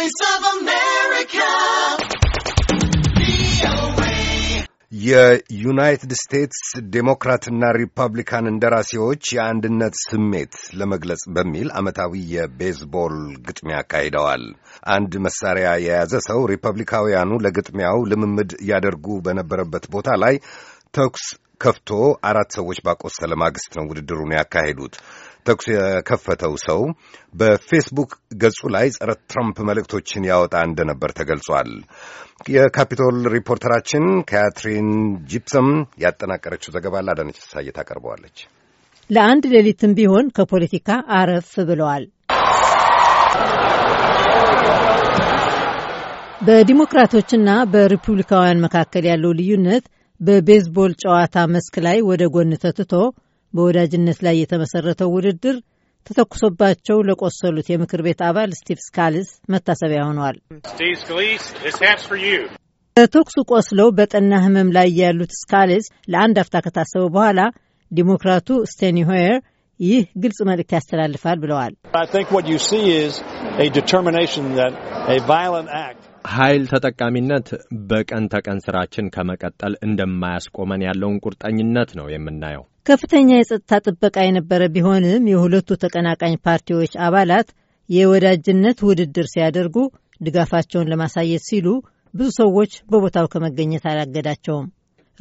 Voice of America. የዩናይትድ ስቴትስ ዴሞክራትና ሪፐብሊካን እንደራሴዎች የአንድነት ስሜት ለመግለጽ በሚል ዓመታዊ የቤዝቦል ግጥሚያ አካሂደዋል። አንድ መሳሪያ የያዘ ሰው ሪፐብሊካውያኑ ለግጥሚያው ልምምድ ያደርጉ በነበረበት ቦታ ላይ ተኩስ ከፍቶ አራት ሰዎች ባቆሰለ ማግስት ነው ውድድሩን ያካሄዱት። ተኩስ የከፈተው ሰው በፌስቡክ ገጹ ላይ ጸረ ትራምፕ መልእክቶችን ያወጣ እንደነበር ተገልጿል። የካፒቶል ሪፖርተራችን ካትሪን ጂፕሰም ያጠናቀረችው ዘገባ ላዳነች ሳየ ታቀርበዋለች። ለአንድ ሌሊትም ቢሆን ከፖለቲካ አረፍ ብለዋል። በዲሞክራቶችና በሪፑብሊካውያን መካከል ያለው ልዩነት በቤዝቦል ጨዋታ መስክ ላይ ወደ ጎን ተትቶ በወዳጅነት ላይ የተመሰረተው ውድድር ተተኩሶባቸው ለቆሰሉት የምክር ቤት አባል ስቲቭ ስካልስ መታሰቢያ ሆኗል። በተኩሱ ቆስለው በጠና ሕመም ላይ ያሉት ስካልስ ለአንድ አፍታ ከታሰቡ በኋላ ዲሞክራቱ ስቴኒ ሆየር ይህ ግልጽ መልእክት ያስተላልፋል ብለዋል። ኃይል ተጠቃሚነት በቀን ተቀን ስራችን ከመቀጠል እንደማያስቆመን ያለውን ቁርጠኝነት ነው የምናየው። ከፍተኛ የጸጥታ ጥበቃ የነበረ ቢሆንም የሁለቱ ተቀናቃኝ ፓርቲዎች አባላት የወዳጅነት ውድድር ሲያደርጉ ድጋፋቸውን ለማሳየት ሲሉ ብዙ ሰዎች በቦታው ከመገኘት አላገዳቸውም።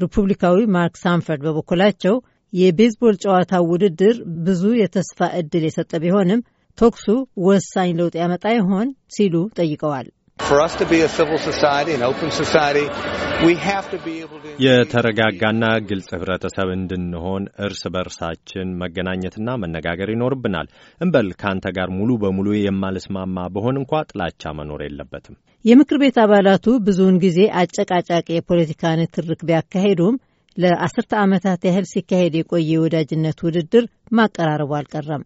ሪፑብሊካዊ ማርክ ሳንፈርድ በበኩላቸው የቤዝቦል ጨዋታ ውድድር ብዙ የተስፋ ዕድል የሰጠ ቢሆንም ተኩሱ ወሳኝ ለውጥ ያመጣ ይሆን ሲሉ ጠይቀዋል። የተረጋጋና ግልጽ ህብረተሰብ እንድንሆን እርስ በርሳችን መገናኘትና መነጋገር ይኖርብናል። እንበል ከአንተ ጋር ሙሉ በሙሉ የማልስማማ በሆን እንኳ ጥላቻ መኖር የለበትም። የምክር ቤት አባላቱ ብዙውን ጊዜ አጨቃጫቂ የፖለቲካ ንትርክ ቢያካሄዱም ለአስርተ ዓመታት ያህል ሲካሄድ የቆየ የወዳጅነት ውድድር ማቀራረቡ አልቀረም።